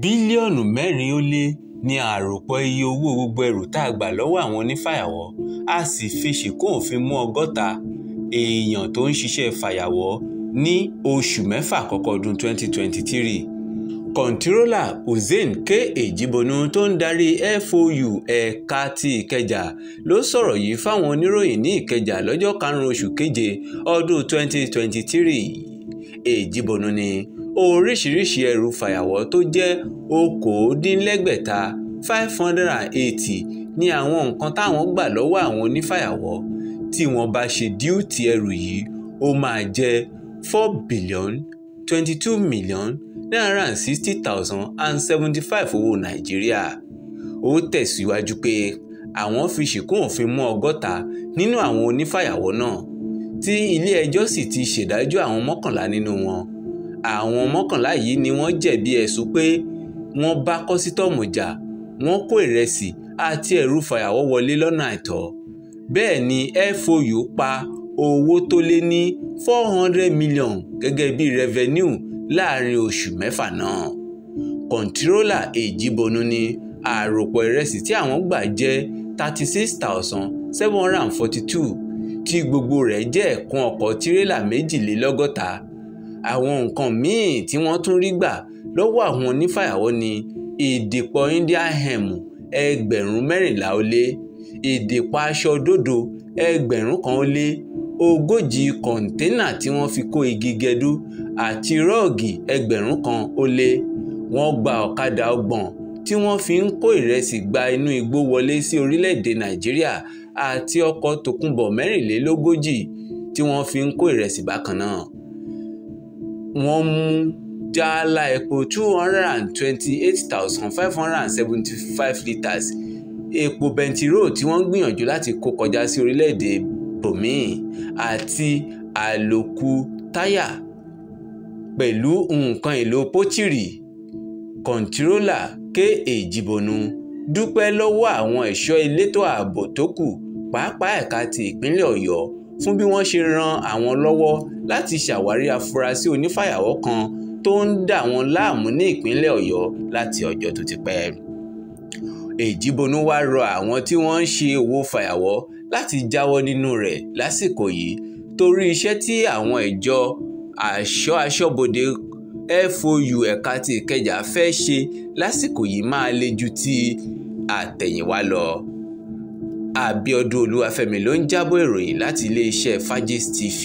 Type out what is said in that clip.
bílíọ̀nù mẹ́rin ó lé ní àròpọ̀ iye owó gbogbo ẹrù tá a gbà lọ́wọ́ àwọn onífàyàwọ́ a sì fi ṣìkún òfin mú ọgọ́ta èèyàn tó ń ṣiṣẹ́ fàyàwọ́ ní oṣù mẹ́fà àkọ́kọ́ ọdún 2023 kọ̀ntírólà hussein k èjìbọnú tó ń darí fou ẹ̀ka ti ìkẹjà ló sọ̀rọ̀ yìí fáwọn oníròyìn ní ìkẹjà lọ́jọ́ karùn-ún oṣù keje ọdún 2023 èjìbọnú ni oríṣiríṣi ẹ̀rù fàyàwọ́ tó jẹ́ okòódínlẹ́gbẹ̀ta five hundred and eighty ní àwọn nǹkan táwọn gbà lọ́wọ́ àwọn onífàyàwọ́ tí wọ́n bá ṣe díùtì ẹrù yìí ó máa jẹ́ four billion twenty two million nine hundred and sixty thousand and seventy five owó nàìjíríà ó tẹ̀síwájú pé àwọn fi ṣìkún òfin mú ọgọ́ta nínú àwọn onífàyàwọ́ náà tí ilé ẹjọ́ sì ti ṣèdájọ́ àwọn mọ́kànlá nínú wọn. No àwọn mọ́kànlá yìí ni wọ́n jẹ̀bi ẹ̀sùn pé wọ́n bá kọ́sítọ́ọ̀mù jà wọ́n kó ìrẹsì àti ẹ̀rú fàyàwọ́ wọlé lọ́nà àìtọ́ bẹ́ẹ̀ ni FOU pa owó tó lé ní four hundred million gẹ́gẹ́ bí revenue láàrin oṣù mẹ́fà náà kọ̀ǹtírólà èjìbọnú ni àròpọ̀ ìrẹsì tí àwọn gbà jẹ́ thirty six thousand seven hundred and forty two tí gbogbo rẹ̀ jẹ́ ẹ̀kún ọkọ̀ tirẹ́là méjìlélọ́gọ́ta àwọn nǹkan míì tí wọ́n tún rí gbà lọ́wọ́ àwọn onífàyàwọ́ ni ìdìpọ̀ India hem ẹgbẹ̀rún mẹ́rìnlá ó lé ìdìpọ̀ aṣọ òdòdó ẹgbẹ̀rún kan ó lé ogójì kọ̀ǹténà tí wọ́n fi kó igi gẹdú àti rọ́ọ̀gì ẹgbẹ̀rún kan ó lé wọ́n gba ọ̀kadà ọgbọ̀n tí wọ́n fi ń kó ìrẹsì gba inú igbó wọlé sí orílẹ̀-èdè Nàìjíríà àti ọkọ̀ tòkunbọ̀ mẹ́rìnlélógójì tí wọ́n fi ń kó ìrẹsì bákan náà wọ́n mú jálá epo two hundred and twenty-eight thousand five hundred and seventy-five litres epo bẹntiró tí wọ́n ń gbìyànjú láti kó kọjá sí orílẹ̀-èdè bòmíì àti àlòkù táyà pẹ̀lú nǹkan èlò pọ́chìrì kọ̀ǹtírólà ké èjìbọnú dúpẹ́ lọ́wọ́ àwọn ẹ̀ṣọ́ elétò ààbò tó kù pàápàá ẹ̀ka ti ìpínlẹ̀ ọ̀yọ́ fún bí wọ́n ṣe ran àwọn lọ́wọ́ láti ṣàwárí afurasí onífàyàwọ́ kan tó ń dà wọ́n láàmú ní ìpínlẹ̀ Ọ̀yọ́ láti ọjọ́ tó ti pẹ́. Èjìbọnú wá rọ àwọn tí wọ́n ń ṣe òwò fàyàwọ́ láti jáwọ́ nínú rẹ̀ lásìkò yìí torí iṣẹ́ tí àwọn ìjọ àṣọ aṣọ́bodè FOU ẹ̀ka ti Ìkẹjà fẹ́ ṣe lásìkò yìí máa le ju ti àtẹ̀yìnwá lọ. Abíọ́dún Olúwafẹ́mi ló ń jábọ̀ ìròyìn láti iléeṣẹ́ Fagist TV.